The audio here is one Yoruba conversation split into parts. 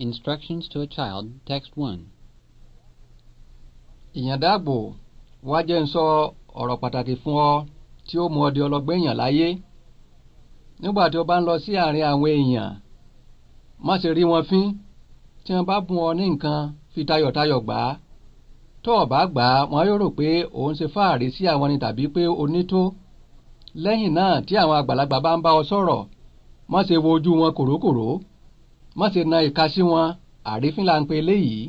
Instructions to a Child, Text one. Ìyàndáàbò wá jẹ́ ń sọ ọ̀rọ̀ pàtàkì fún ọ tí ó mú ọ di ọlọ́gbọ́n èèyàn láyé. Nígbà tí o bá ń lọ sí àárín àwọn èèyàn, má ṣe rí wọn fín. Tí wọ́n bá bùn ọ ní nǹkan, fi tayọ̀tayọ̀ gbà á. Tó o bá gbà á, wọn yóò rò pé ò ń ṣe fáàrí sí àwọn ni tàbí pé o nító. Lẹ́yìn náà tí àwọn àgbàlagbà bá ń bá ọ sọ̀rọ̀, má ṣe wo ojú wọn kòrókòró má ṣe na ìka sí wọn àrífín là ń pe eléyìí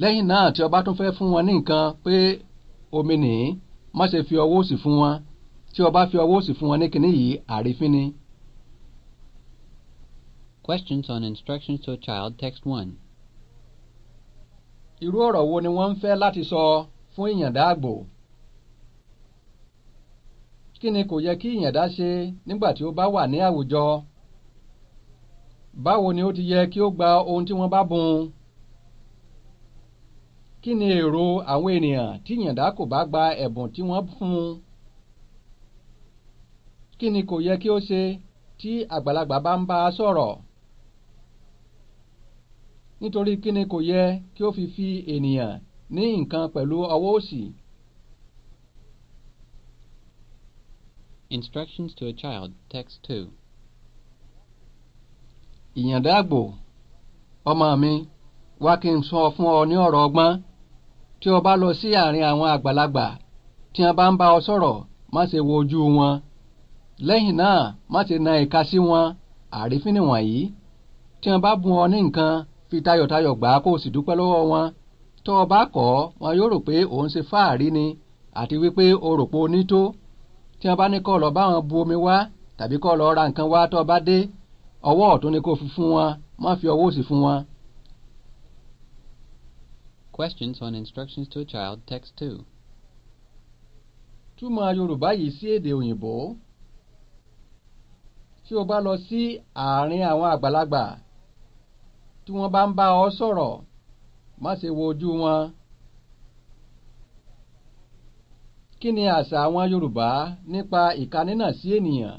lẹ́yìn náà tí ọba tún fẹ́ fún wọn ní nǹkan pé omi nìyí má ṣe fi ọwọ́ òsì fún wọn tí ọba fi ọwọ́ òsì fún wọn ní kinní yìí àrífín ni. Questions on instructions to a child text one. Irú ọ̀rọ̀ wo ni wọ́n ń fẹ́ láti sọ fún ìyàndá àgbò? Kí ni kò yẹ kí ìyàndá ṣe nígbà tí ó bá wà ní àwùjọ? báwo ni ó ti yẹ kí ó gba ohun tí wọ́n bá bùn un kí ni èrò àwọn ènìyàn tí yàǹdá kò bá gba ẹ̀bùn tí wọ́n fún un kí ni kò yẹ kí ó ṣe tí àgbàlagbà bá ń bá a sọ̀rọ̀ nítorí kí ni kò yẹ kí ó fi fi ènìyàn ní nǹkan pẹ̀lú ọwọ́ òsì. Instructions to a child, text two ìyàndá àgbò ọmọ mi wá kí n sọ fún ọ ní ọ̀rọ̀ ọgbọ́n tí o bá lọ sí àárín àwọn àgbàlagbà tí wọn bá ń bá ọ sọ̀rọ̀ má ṣe wo ojú wọn lẹ́yìn náà má ṣe na ìka sí wọn àrífín nìwọ̀nyí tí wọn bá bùn ọ ní nǹkan fi tayọ̀tayọ̀ gbà á kó o sì dúpẹ́ lọ́wọ́ wọn tó o bá kọ̀ ọ́ wọn yóò rò pé òun ṣe fáàrí ni àti wípé o rò pé o ní tó tí wọn bá ní kó lọ bá wọn bu omi wá tàbí kó lọ ra nǹkan wá tó o bá dé ọwọ́ ọ̀tún ni kó fún wọn má fi ọwọ́ òsì fún wọn. Questions on instructions to a child text two. Túmọ̀ Yorùbá yìí sí èdè òyìnbó. Tí o bá lọ sí àárín àwọn àgbàlagbà tí wọ́n bá ń bá ọ sọ̀rọ̀ má ṣe wo ojú wọn. Kí ni àṣà àwọn Yorùbá nípa ìka sí ènìyàn?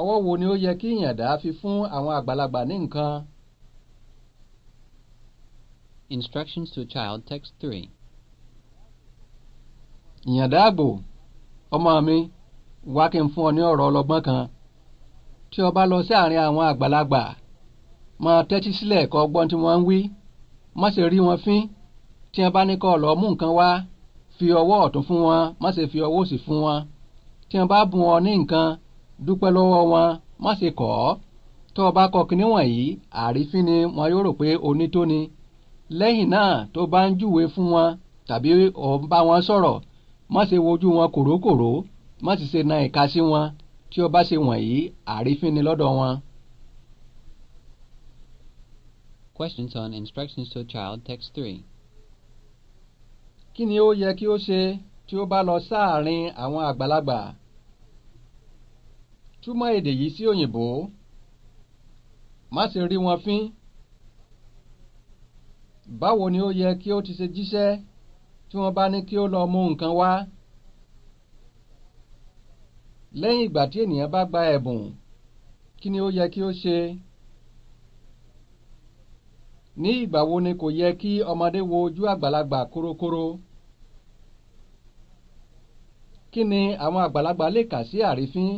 ọwọ́ wo ni ó yẹ kí ìyàndá fi fún àwọn àgbàlagbà ní nǹkan? Instructions to child text three. Ìyàndá àgbò ọmọ mi wá kí n fún ọ ní ọ̀rọ̀ ọlọ́gbọ́n kan tí o bá lọ sí àárín àwọn àgbàlagbà máa tẹ́tí sílẹ̀ kó gbọ́n tí wọ́n ń wí má ṣe rí wọn fín tí wọ́n bá ní kó lọ mú nǹkan wá fi ọwọ́ ọ̀tún fún wọn má ṣe fi ọwọ́ òsì fún wọn tí wọ́n bá bùn ọ ní nǹkan dúpẹ́ lọ́wọ́ wọn má ṣe kọ̀ ọ́ tó o bá kọ kinní wọ̀nyí àrífín ni wọn yóò rò pé onítóni lẹ́yìn náà tó bá ń júwe fún wọn tàbí ò ń bá wọn sọ̀rọ̀ má ṣe wojú wọn kòrókòró má sì ṣe na ìka sí wọn tí o bá ṣe wọ̀nyí àrífín ni lọ́dọ̀ wọn. Questions on instructions to child text three. Kí ni ó yẹ kí ó ṣe tí ó bá lọ sáàárín àwọn àgbàlagbà? túmọ̀ èdè yìí sí òyìnbó má ṣe rí wọn fín báwo ni ó yẹ kí ó ti ṣe jíṣẹ́ tí wọ́n bá ní kí ó lọ mú nǹkan wá lẹ́yìn ìgbà tí ènìyàn bá gba ẹ̀bùn kí ni ó yẹ kí ó ṣe ní ìgbà wo ni kò yẹ kí ọmọdé wo ojú àgbàlagbà kórókóró kí ni àwọn àgbàlagbà lè kà sí àrífín.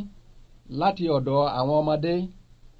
láti ọ̀dọ̀ àwọn ọmọdé.